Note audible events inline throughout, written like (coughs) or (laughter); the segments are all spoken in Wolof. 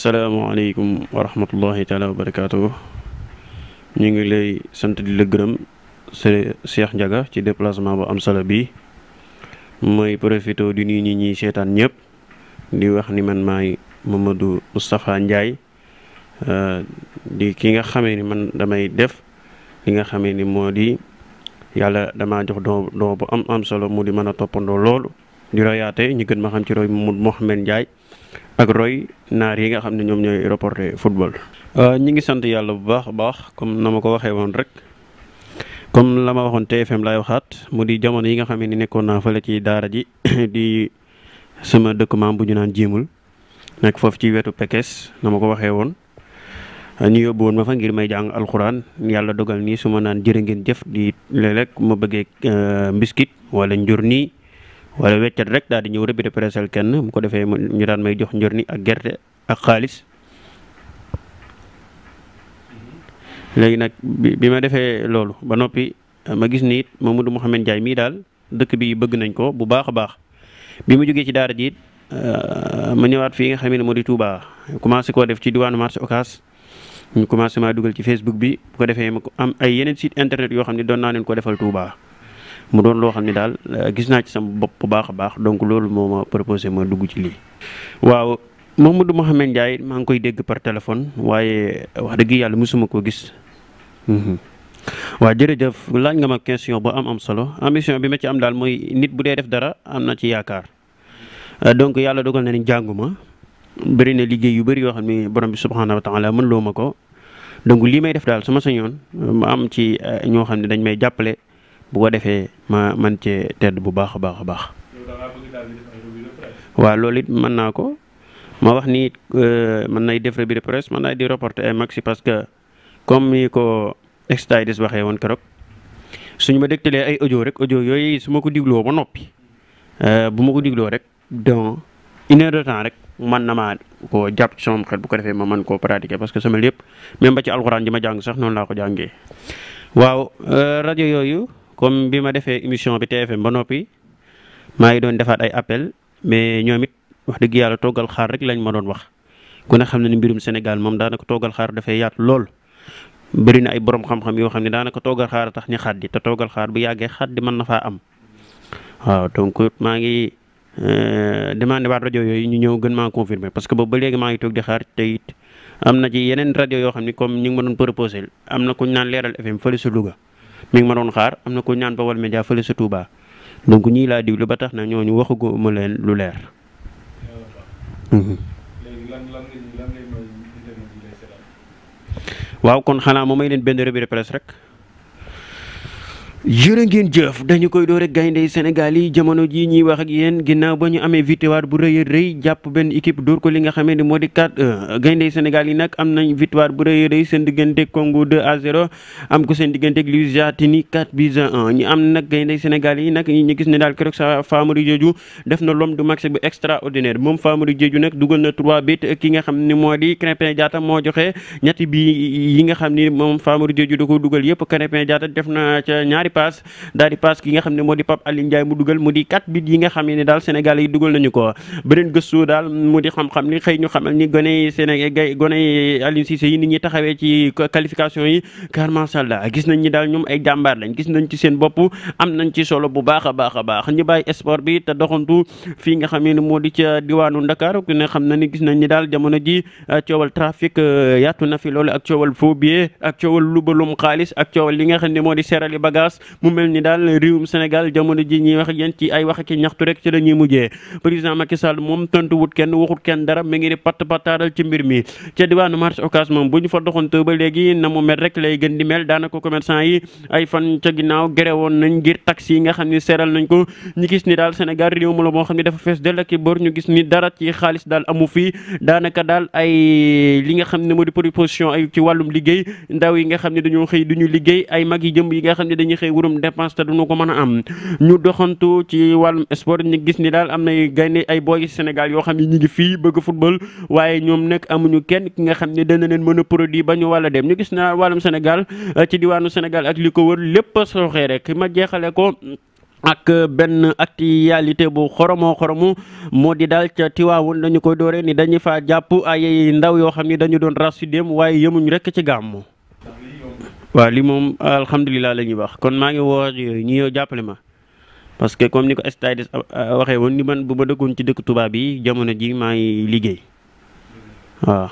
Assalamualaikum warahmatullahi taala wabarakatuh. ñi ngi lay sant di la gërëm Cheikh Ndiaga ci déplacement bu am solo bi mooy profito di nuyu ñi ñuy seetaan ñëpp di wax ni man may Mamadou Moustapha Ndiaye euh, di ki nga xamé ni man damay def li nga xamé ni modi di dama jox do doa bu am am solo mu di topando lool di royaté ñi gën ma xam ci roy Mamadou Mohamed Ndiaye ak roy nar yi nga xamne ñom ñoy reporter football football euh, ñi ngi sante yalla bu baax baax comme nama ko waxe won rek comme lama waxon tfm lay waxat mu di jamono yi nga xamne ci daara ji (coughs) di sama dekk maam bu ñu naan nek fofu ci wetu pekes nama ko waxe won euh, ñu yobbu won ma fa ngir may jang alquran yalla dogal ni suma naan jere ngeen jef di lelek léeg bëgge bëggee euh, mbiskit wala njur wala weccet rek daal di ñëw rëbbi presel kenn mu ko defee ñu daan may jox njorni ak gerte ak xaalis léegi nag bi ma defee loolu ba noppi ma gis ni it Mamadou Mouhamed Ndiaye mii daal dëkk bi bëgg nañ ko bu baax a baax bi mu jógee ci daara ji it euh, ma ñëwaat fii nga xam ne moo di Touba commencé koo def ci diwaanu marché Ocass ñu commencé maa dugal ci Facebook bi bu ko defee ma ko am ay yeneen site internet yoo xam ne doon naa leen ko defal Touba. mu doon loo xam ne daal euh, gis naa ci sama bopp bu baax a baax donc loolu moo ma proposé ma dugg ci lii waaw Mamadou Mohamed Ndiaye maa ngi koy dégg par téléphone waaye euh, wax dëgg yàlla mosuma koo gis mhm. waaw jërëjëf laaj nga ma question bu am am solo ambition bi ma ci am daal mooy nit bu dee def dara am na ci yaakaar euh, donc yàlla dogal na ni jànguma bëri na liggéey yu bëri yoo xam ne borom bi subhanahu wa taala mën loo ma ko donc lii may def daal sama sañoon ma am ci ñoo xam ne dañ may jàppale bu ko defé ma man ci tedd bu baax baax baax. wa lolit man nako ma wax ni euh, man nay def rebi de presse mën di reporter ay maxi parce que comme ni ko extadis waxé won kérok suñu ma dégtalee ay audio rek audio yoy suma ko diglo ba noppi euh, bu ma ko diglo rek dans une heure de temps rek man na ma ko japp ci sama xel bu ko defé ma man ko pratiquer parce que sama lepp même ba ci alcorane ji ma sax non la ko jangé waaw euh, radio yoyu comme bi ma defee émission bi TFM ba nopi ma ngi doon defat ay appel mais ñomit wax dëgg yalla togal xaar rek lañ ma doon wax ku ne xamna ni mbirum Sénégal da naka togal xaar dafay yaat lool. bari na ay borom xam-xam yo xamni da naka togal xaar tax ñu xaddi te togal xaar bu yagge xaddi man na fa am waaw donc ma ngi euh, demandé wa radio yoy ñu ñëw gën ma confirmer parce que bo ba légui ma ngi tok di xaar te it am na ci yenen radio yo xamni comme ñu ngi ma doon proposer am na ku ñaan leral leeral FM fële su Louga. mi ngi ma doon xaar am na ko ñaan Baol Média fële sa Touba donc ñii laa diglu ba tax na ñu ñooñu ma leen lu leer. waaw kon xanaa moom may leen benn revue de rek. jërë ngeen jeuf dañu koy door rek gaynde senegal yi jamono ji ñi wax ak yeen ginnaw bañu amé amee victoire bu reuy reuy japp ben équipe dóor ko li nga xamé ni modi di 4 euh, gaynde senegal yi nak am nañ victoire bu reuy reuy sen digënté Congo 2 à 0 am ko sen digënté ak Lusitanie 4 buts 1 ñi am nak gaynde senegal yi nak ñi gis ni dal kërok sa famuri jeju def na lom du max bu extraordinaire mom famuri jeju nak duggal na 3 buts ki nga xamni modi moo di mo joxé moo bi yi nga xamni mom famuri jeju da ko duggal yépp Krépin Diatta def na ci ñaari ñaari dari pas di paas ki nga xamne modi pap di ndjay mu dugal modi kat 4 bit yi nga xamne ne dal yi dugal nañu ko beneen gëstu dal modi xam-xam ni xey ñu xamal ni gone senegal gone ali cisse yi nit ñi taxawé ci qualification yi car masàllah gis nañ ni dal ñum ay jambar lañ gis nañ ci seen bop am nañ ci solo bu baaxa baaxa baax ñu bay sport bi ta doxantu fi nga xamne ne moo di ca diwaanu ku ne xam na ni gis nañ ni dal jamono ji ah, ciowal trafic ah, yaatu na fi ak ciowal ak ciowal lubalum khalis ak ciowal li nga xamne modi di serali bagage mu mel ni daal réewum Sénégal jamono ji ñuy wax ak yéen ci ay wax ak ñaxtu rek ci la ñuy mujjee président Macky Sall moom tontu wut kenn waxut kenn dara mi ngi di patt pattaaral ci mbir mi ca diwaanu marché Ocass moom bu ñu fa doxantoo ba léegi na mu mel rek lay gën di mel daanaka commerçant yi ay fan ca ginnaaw gerewoon nañ ngir taxi nga xam ne seeral nañ ko ñu gis ni daal Sénégal réew mu la moo xam ne dafa fees dell ak bor ñu gis ni dara ci xaalis daal li nga xam ne moo di proposition ay ci wàllum liggéey ndaw yi nga xam ne ay wurum dépense te duñu ko mën a am ñu doxantu ci wàllum sport ñu gis ni daal am na gaynde ay booy Sénégal yoo xam ne ñu ngi fii bëgg football waaye ñoom nag amuñu kenn ki nga xam ne dana leen mën a produit ba ñu wàlla dem ñu gis na wàllum senegal eh, ci diwaanu Sénégal ak li ko wër lépp sooxee rek ma jeexale ko ak benn actualité bu xoromoo xoromu moo di daal ca Tiwaawoon dañu koy dooree ni dañu fa jàpp ay ndaw yoo xam ne dañu doon rasu dem waaye yemuñu rek ci gàmmu waaw lii moom alhamdulilah la ñuy wax kon maa ngi woo ñi ñëw jàppale ma parce que comme ni ko stades euh, euh, waxee woon ni man bu ma dëkkoon ci dëkk tubaab yi jamono ji maa ngi liggéey waaw.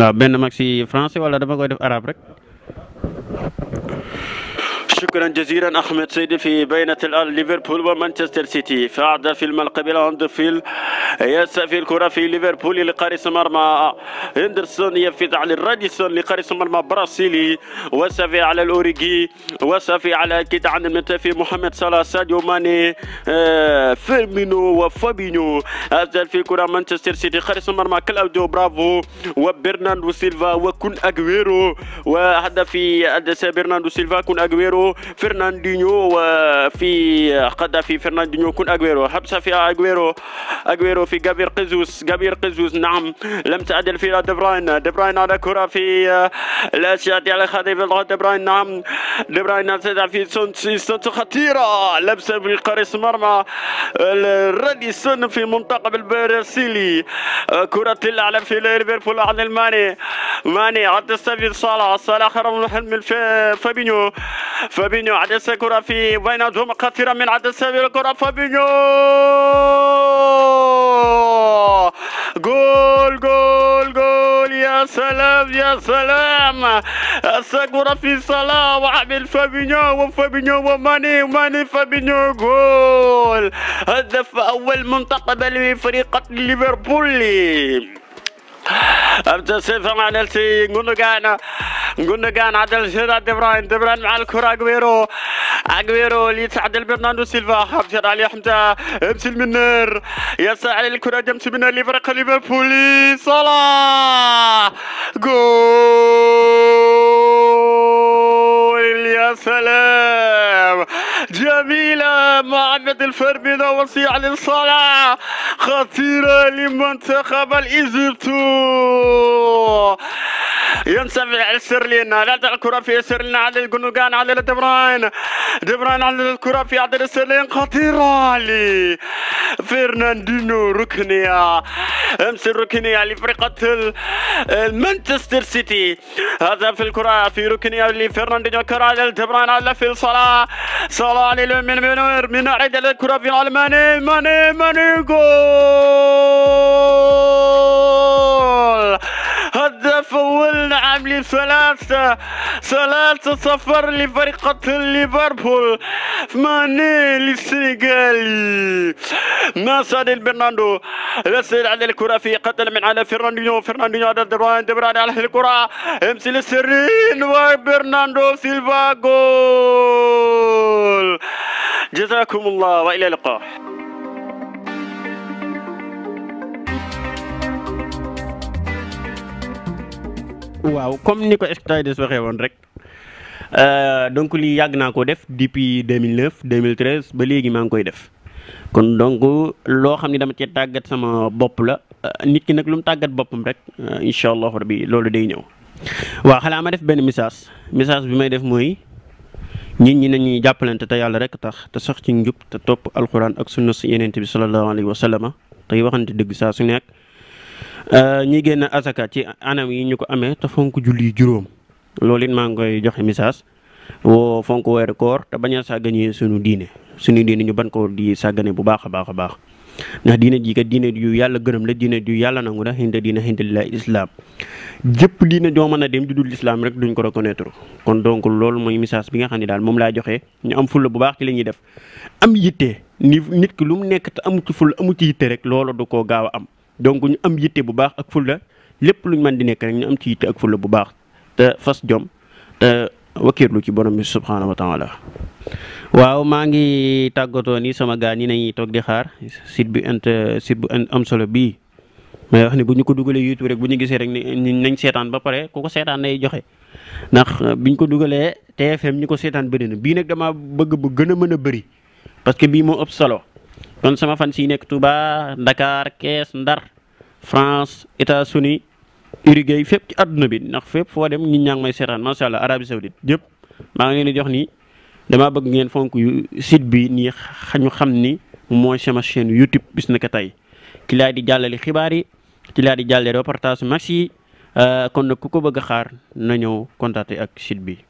waaw benn mag si français wala dama koy def arabe rek. شكرا جزيلا احمد سيدي في بينه الان ليفربول ومانشستر سيتي فعد في المقابل هاندرفيل في الكره في ليفربول لقارص مرمى هندرسون يفيد على الراديسون لقارص مرمى برازيلي وسافي على الاوريجي وسافي على اكيد عن المنتفي محمد صلاح ساديو ماني آه، فيرمينو وفابينو ازال في كره مانشستر سيتي قارس مرمى كلاوديو برافو وبرناردو سيلفا وكون اجويرو وهدف في ادسا برناردو سيلفا كون اجويرو فرناندينيو وفي في فرناندينيو كون اغويرو حبسه في اغويرو اغويرو في جابير قزوس جابير قزوس نعم لم تعدل في دبراين دبراين على كره في الاشياء على خطيب دبراين نعم دبراين ابتدع في سونسي خطيره لبسه بالقرص مرمى الردي سن في منطقه البرازيلي كره للاعلى في ليفربول عن الماني ماني عبد السبيل صلاح صلاح خرج من فابينيو فابينيو عدسة كرة في بينهم قاطرة من عدسة الكرة فابينيو جول جول جول يا سلام يا سلام الساكورة في صلاة وعمل فابينيو وفابينيو وماني وماني فابينيو جول هدف أول منتقب لفريق ليفربول أبتسم عن السي غنوغانا قلنا كان عدل جداد دبران دبران مع الكرة اجويرو اجويرو اللي يتعدل برناردو سيلفا خرجت عليه حمزة امسي المنير يسعى على الكرة جمس منير لفريق ليفربول صلاة جول يا سلام جميلة مع عبد وصي علي الصلاة خطيرة لمنتخب الإيجيبتو ينسفع على السرلين لا الكرة في سرلين على الجنوجان على دبراين دبراين على الكرة في عدل السرلين خطيرة لي فرناندينو ركنيا امس ركنيا لفرقة مانشستر سيتي هذا في الكرة في ركنيا لفرناندينو كرة على دبراين على في صلاة صلاة لمن منور من عدل الكرة في الماني ماني ماني جول لي ثلاثة ثلاثة صفر لفريق ليفربول ماني للسنغالي ما صادل برناندو يسير على الكرة في قتل من على فرناندينيو فرناندينيو على دروان دبران على الكرة امسي للسرين وبرناندو سيلفا جول جزاكم الله والى اللقاء waaw comme ni ko Stades waxee woon rek euh, donc lii yàgg naa ko def depuis 2009 2013 ba léegi maa ngi koy def kon donc loo xam ne dama cee tàggat sama bopp la euh, nit ki nag lu mu tàggat boppam rek euh, incha allahu rabi loolu day ñëw. waaw xanaa ma def benn missage message bi may def mooy nit ñi nañuy jàppalante te yàlla rek tax te sax ci njub te topp alquran ak sunna si yeneen bi sallallahu alayhi wa sallam tey waxante dëgg saa su nekk. Euh, ñi génn asaka ci anam yi ñu ko amee te fonk julli juróom loolu it maa ngi koy joxe message woo fonk weeru koor te bañ a sàgganee suñu diine suñu diine ñu ban ko di sàggane bu baax a baax a baax ndax diine ji kat diine yu yàlla gërëm la diine yu yàlla nangu la xinda diine xinda la islam jëpp diine joo mën a dem ju dul islam rek duñ ko reconnaître kon donc loolu mooy message bi nga xam ne daal moom laa joxe ñu am fulla bu baax ci li ñuy def am yitte lu mu nekk te amu ci fulla amu ci du ko gaaw am donc ñu am yitté bu baax ak fulla mandi luñu man di nek rek ñu am ci yitté ak fulla bu baax te fas jom te lu ci borom bi subhanahu wa ta'ala waaw ma ngi tagoto ni sama gaa ñi nañuy toog di xaar sit bi int sit bu am solo bi, may wax ni buñu ko duggalé youtube rek buñu gisé rek ni nañ sétan ba paré ku ko seetaan nay joxé ndax euh, biñ ko duggalé tfm ñi sétan seetaan bëri na bi dama bëgg bu mana mëna bëri parce que bi mo solo kon sama fan si nek Touba Dakar kess Ndar France États-Unis Uruguay fep ci aduna bi nak fep fo dem nit ñang may may ma sha allah Arabie Saoudite yëpp ma ngi ni jox ni dama bëgg ngeen fonku site bi ni xañu xam ni sama chaîne YouTube bis na ko tey ki la di jallali xibaari ki la di jàllale reportage maxi euh kon ku ko bëgg xaar na contacter ak site bi.